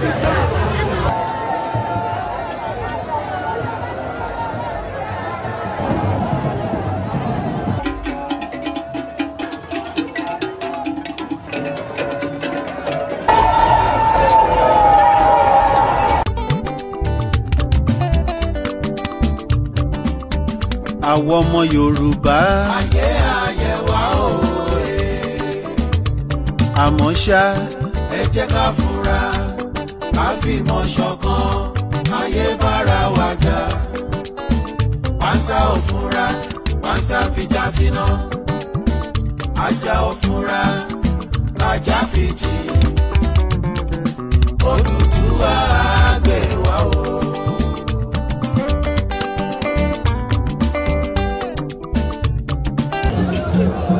àwọn ọmọ yorùbá. ayé ayé wa òye. àmọ́ ṣá. ẹ jẹ́ ká fura ká fìmọ̀ ṣọ̀kan ayé bára wa jà pàṣà òfúnra pàṣà fìjà síná ajá òfúnra làjà fìjì Odùduwà gbè wá o. Thank you.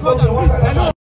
Hello.